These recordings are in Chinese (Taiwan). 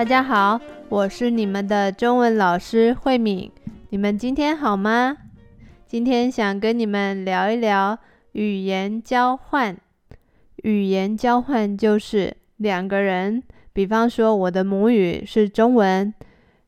大家好，我是你們的中文老師慧敏。你們今天好嗎？今天想跟你們聊一聊語言交換。語言交換就是兩個人，比方說我的母語是中文，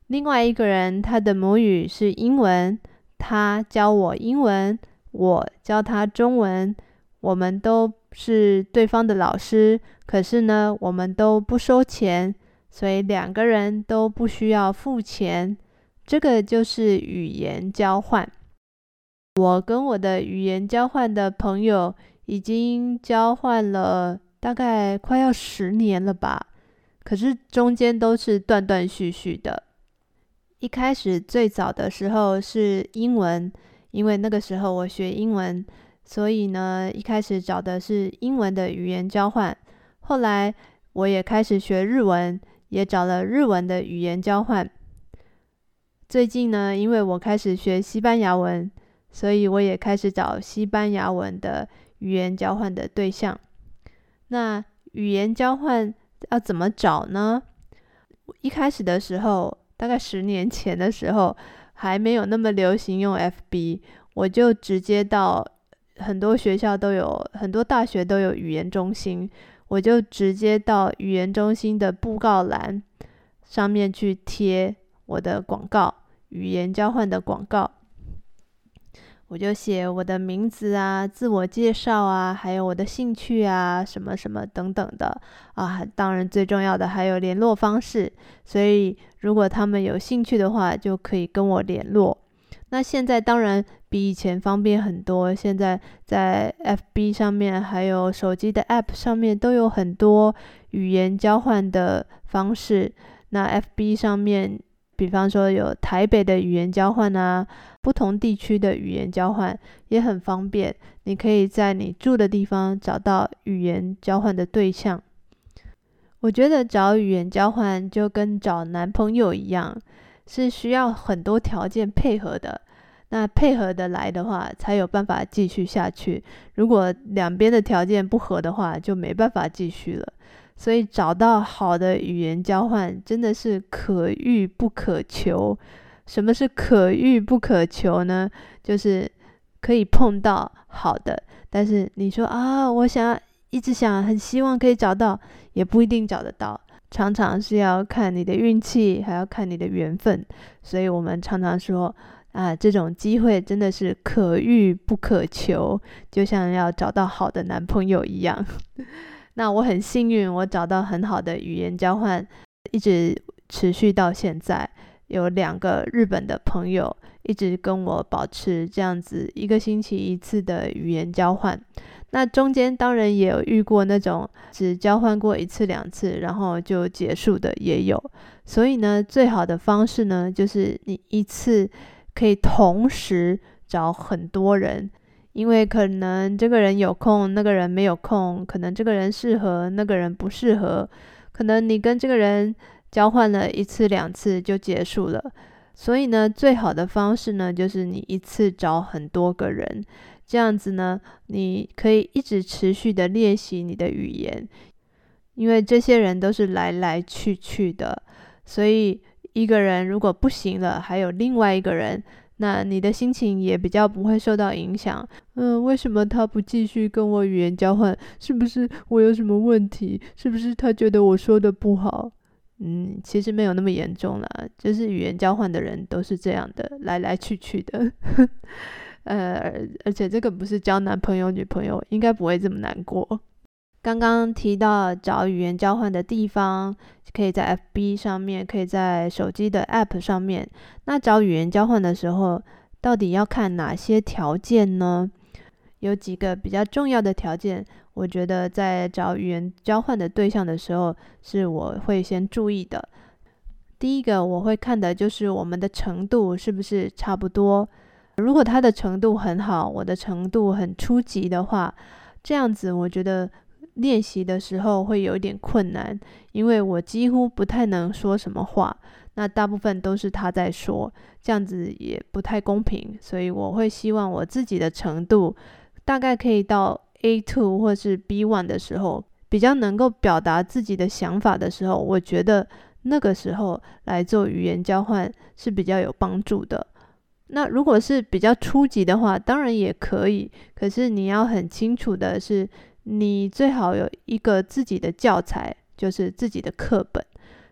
另外一個人他的母語是英文，他教我英文，我教他中文，我們都是對方的老師，可是呢，我們都不收錢。所以兩個人都不需要付錢，這個就是語言交換。我跟我的語言交換的朋友已經交換了大概快要十年了吧，可是中間都是斷斷續續的。一開始最早的時候是英文，因為那個時候我學英文，所以呢，一開始找的是英文的語言交換。後來我也開始學日文。也找了日文的語言交換。最近呢，因為我開始學西班牙文，所以我也開始找西班牙文的語言交換的對象。那語言交換要怎麼找呢？一開始的時候，大概十年前的時候，還沒有那麼流行用 FB，我就直接到很多學校都有，很多大學都有語言中心。我就直接到語言中心的布告欄上面去貼我的廣告，語言交換的廣告。我就寫我的名字啊、自我介紹啊，還有我的興趣啊、什麼什麼等等的啊。當然最重要的還有聯絡方式，所以如果他們有興趣的話，就可以跟我聯絡。那現在當然比以前方便很多。現在在 FB 上面，還有手機的 App 上面，都有很多語言交換的方式。那 FB 上面，比方說有台北的語言交換啊，不同地區的語言交換也很方便。你可以在你住的地方找到語言交換的對象。我覺得找語言交換就跟找男朋友一樣。是需要很多條件配合的，那配合的來的話，才有辦法繼續下去。如果兩邊的條件不合的話，就沒辦法繼續了。所以找到好的語言交換真的是可遇不可求。什麼是可遇不可求呢？就是可以碰到好的，但是你說啊、哦，我想一直想，很希望可以找到，也不一定找得到。常常是要看你的運氣，還要看你的緣分，所以我們常常說啊，這種機會真的是可遇不可求，就像要找到好的男朋友一樣。 那我很幸運，我找到很好的語言交換，一直持續到現在。有兩個日本的朋友一直跟我保持這樣子一個星期一次的語言交換，那中間當然也有遇過那種只交換過一次兩次然後就結束的也有，所以呢，最好的方式呢就是你一次可以同時找很多人，因為可能這個人有空，那個人沒有空，可能這個人適合，那個人不適合，可能你跟這個人交換了一次兩次就結束了，所以呢，最好的方式呢，就是你一次找很多個人，這樣子呢，你可以一直持續的練習你的語言，因為這些人都是來來去去的，所以一個人如果不行了，還有另外一個人，那你的心情也比較不會受到影響。嗯，為什麼他不繼續跟我語言交換？是不是我有什麼問題？是不是他覺得我說的不好？嗯，其實沒有那麼嚴重了，就是語言交換的人都是這樣的，來來去去的， 呃，而且這個不是交男朋友女朋友，應該不會這麼難過。剛剛提到找語言交換的地方，可以在 FB 上面，可以在手機的 App 上面。那找語言交換的時候，到底要看哪些條件呢？有幾個比較重要的條件，我覺得在找語言交換的對象的時候，是我會先注意的。第一個，我會看的就是我們的程度是不是差不多。如果他的程度很好，我的程度很初級的話，這樣子我覺得練習的時候會有一點困難，因為我幾乎不太能說什麼話，那大部分都是他在說，這樣子也不太公平，所以我會希望我自己的程度。大概可以到 A2 或是 B1 的時候，比較能夠表達自己的想法的時候，我覺得那個時候來做語言交換是比較有幫助的。那如果是比較初級的話，當然也可以，可是你要很清楚的是，你最好有一個自己的教材，就是自己的課本，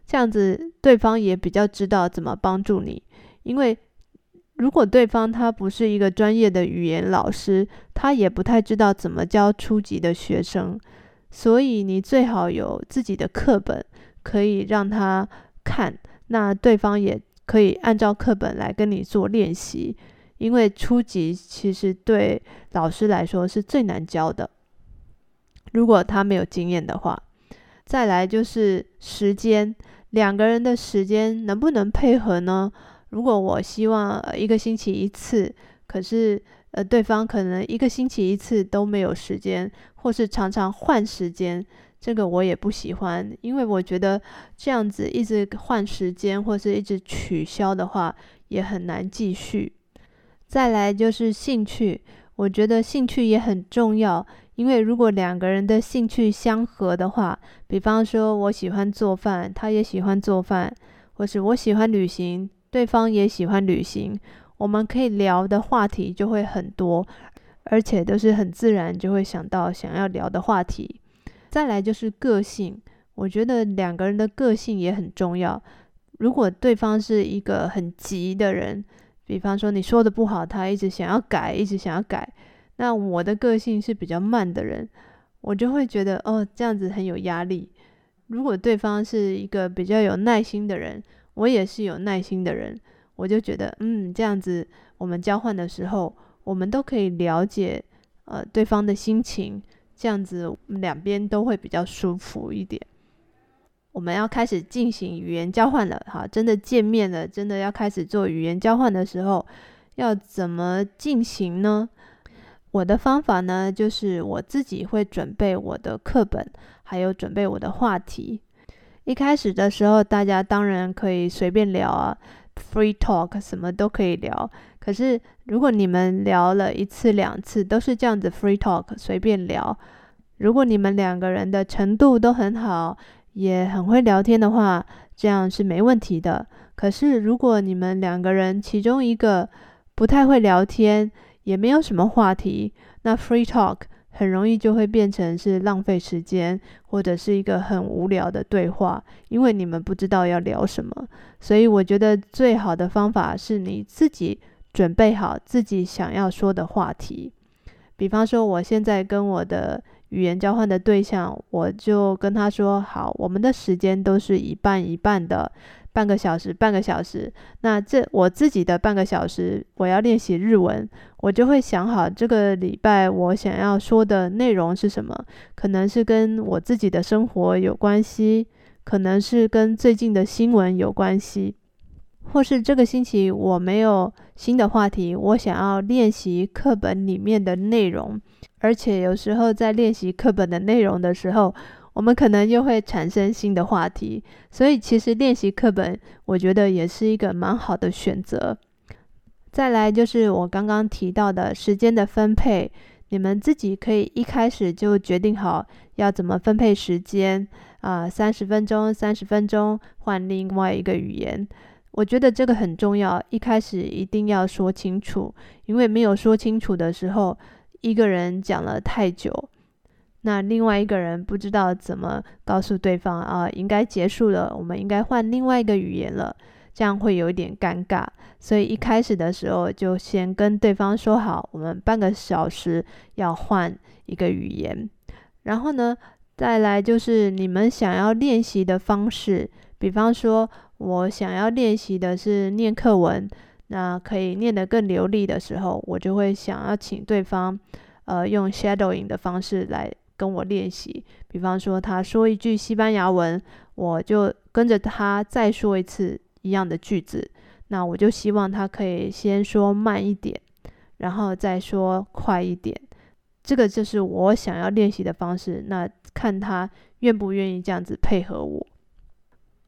這樣子對方也比較知道怎麼幫助你，因為。如果對方他不是一個專業的語言老師，他也不太知道怎麼教初級的學生，所以你最好有自己的課本，可以讓他看，那對方也可以按照課本來跟你做練習。因為初級其實對老師來說是最難教的，如果他沒有經驗的話，再來就是時間，兩個人的時間能不能配合呢？如果我希望，呃，一個星期一次，可是呃對方可能一個星期一次都沒有時間，或是常常換時間，這個我也不喜歡，因為我覺得這樣子一直換時間或是一直取消的話，也很難繼續。再來就是興趣，我覺得興趣也很重要，因為如果兩個人的興趣相合的話，比方說我喜歡做飯，他也喜歡做飯，或是我喜歡旅行。對方也喜歡旅行，我們可以聊的話題就會很多，而且都是很自然就會想到想要聊的話題。再來就是個性，我覺得兩個人的個性也很重要。如果對方是一個很急的人，比方說你說的不好，他一直想要改，一直想要改，那我的個性是比較慢的人，我就會覺得，哦，這樣子很有壓力。如果對方是一個比較有耐心的人，我也是有耐心的人，我就覺得，嗯，這樣子我們交換的時候，我們都可以了解呃對方的心情，這樣子兩邊都會比較舒服一點。我們要開始進行語言交換了，哈，真的見面了，真的要開始做語言交換的時候，要怎麼進行呢？我的方法呢，就是我自己會準備我的課本，還有準備我的話題。一開始的時候，大家當然可以隨便聊啊，free talk，什麼都可以聊。可是如果你們聊了一次兩次都是這樣子 free talk，隨便聊，如果你們兩個人的程度都很好，也很會聊天的話，這樣是沒問題的。可是如果你們兩個人其中一個不太會聊天，也沒有什麼話題，那 free talk。很容易就會變成是浪費時間，或者是一個很無聊的對話，因為你們不知道要聊什麼。所以我覺得最好的方法是你自己準備好自己想要說的話題。比方說，我現在跟我的語言交換的對象，我就跟他說：“好，我們的時間都是一半一半的。”半個小時，半個小時。那這我自己的半個小時，我要練習日文，我就會想好這個禮拜我想要說的內容是什麼，可能是跟我自己的生活有關係，可能是跟最近的新聞有關係，或是這個星期我沒有新的話題，我想要練習課本裡面的內容。而且有時候在練習課本的內容的時候，我們可能又會產生新的話題，所以其實練習課本我覺得也是一個蠻好的選擇。再來就是我剛剛提到的時間的分配，你們自己可以一開始就決定好要怎麼分配時間啊，三十分鐘，三十分鐘換另外一個語言，我覺得這個很重要，一開始一定要說清楚，因為沒有說清楚的時候，一個人講了太久。那另外一個人不知道怎麼告訴對方啊，呃，應該結束了，我們應該換另外一個語言了，這樣會有一點尷尬。所以一開始的時候就先跟對方說好，我們半個小時要換一個語言。然後呢，再來就是你們想要練習的方式，比方說我想要練習的是念課文，那可以念得更流利的時候，我就會想要請對方，呃，用 shadowing 的方式來。跟我練習，比方說，他說一句西班牙文，我就跟着他再說一次一樣的句子。那我就希望他可以先說慢一點，然後再說快一點。這個就是我想要練習的方式。那看他願不願意這樣子配合我。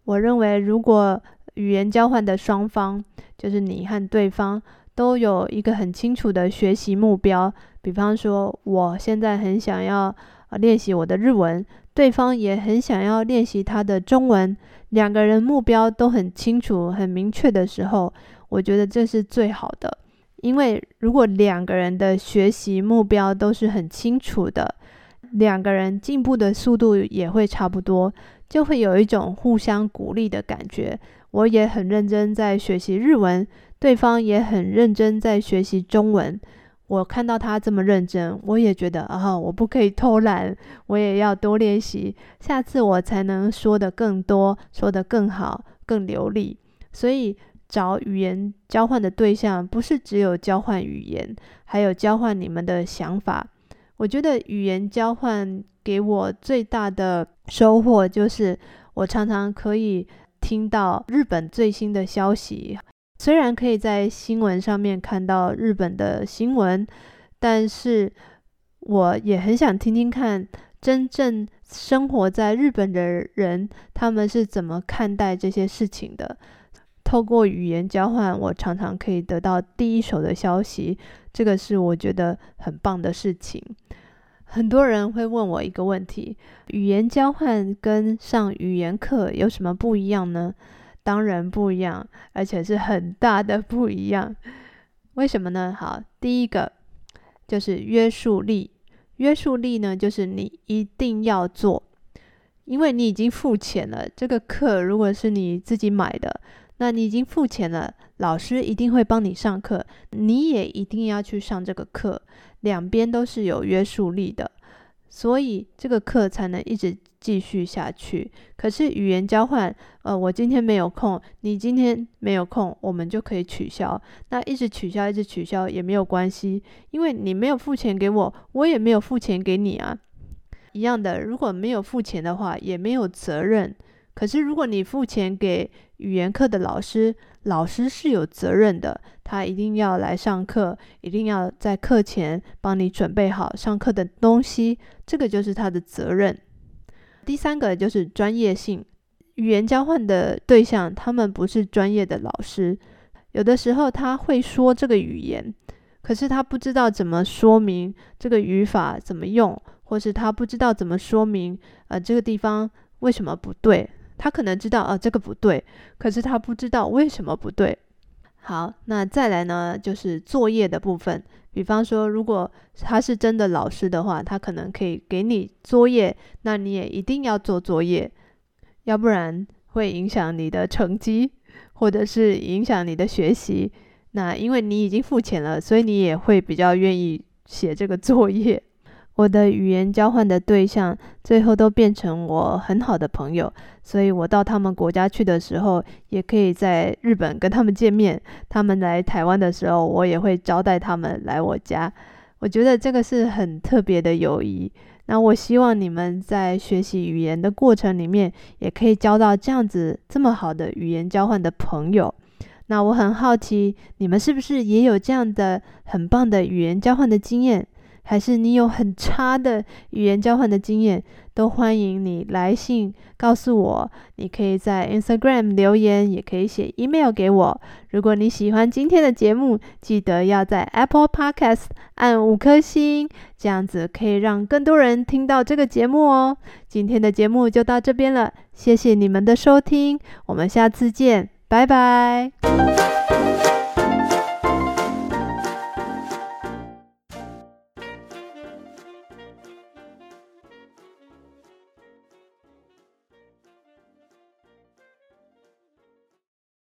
我認為，如果語言交換的雙方，就是你和對方，都有一個很清楚的學習目標，比方說，我現在很想要。練習我的日文，對方也很想要練習他的中文。兩個人目標都很清楚、很明確的時候，我覺得這是最好的。因為如果兩個人的學習目標都是很清楚的，兩個人進步的速度也會差不多，就會有一種互相鼓勵的感覺。我也很認真在學習日文，對方也很認真在學習中文。我看到他這麼認真，我也覺得啊、哦，我不可以偷懶，我也要多練習，下次我才能說得更多，說得更好，更流利。所以找語言交換的對象，不是只有交換語言，還有交換你們的想法。我覺得語言交換給我最大的收穫，就是我常常可以聽到日本最新的消息。雖然可以在新聞上面看到日本的新聞，但是我也很想聽聽看真正生活在日本的人，他們是怎麼看待這些事情的。透過語言交換，我常常可以得到第一手的消息，這個是我覺得很棒的事情。很多人會問我一個問題：語言交換跟上語言課有什麼不一樣呢？當然不一樣，而且是很大的不一樣。為什麼呢？好，第一個就是約束力。約束力呢，就是你一定要做，因為你已經付錢了。這個課如果是你自己買的，那你已經付錢了，老師一定會幫你上課，你也一定要去上這個課，兩邊都是有約束力的。所以這個課才能一直繼續下去。可是語言交換，呃，我今天沒有空，你今天沒有空，我們就可以取消。那一直取消，一直取消也沒有關係，因為你沒有付錢給我，我也沒有付錢給你啊。一樣的。如果沒有付錢的話，也沒有責任。可是，如果你付錢給語言課的老師，老師是有責任的。他一定要來上課，一定要在課前幫你準備好上課的東西，這個就是他的責任。第三個就是專業性，語言交換的對象，他們不是專業的老師，有的時候他會說這個語言，可是他不知道怎麼說明這個語法怎麼用，或是他不知道怎麼說明呃這個地方為什麼不對。他可能知道，啊，這個不對，可是他不知道為什麼不對。好，那再來呢，就是作業的部分。比方說，如果他是真的老師的話，他可能可以給你作業，那你也一定要做作業，要不然會影響你的成績，或者是影響你的學習。那因為你已經付錢了，所以你也會比較願意寫這個作業。我的語言交換的對象最後都變成我很好的朋友，所以我到他們國家去的時候，也可以在日本跟他們見面。他們來台灣的時候，我也會招待他們來我家。我覺得這個是很特別的友誼。那我希望你們在學習語言的過程裡面，也可以交到這樣子這麼好的語言交換的朋友。那我很好奇，你們是不是也有這樣的很棒的語言交換的經驗？還是你有很差的語言交換的經驗，都歡迎你來信告訴我。你可以在 Instagram 留言，也可以寫 email 給我。如果你喜歡今天的節目，記得要在 Apple Podcast 按五顆星，這樣子可以讓更多人聽到這個節目哦。今天的節目就到這邊了，謝謝你們的收聽，我們下次見，拜拜。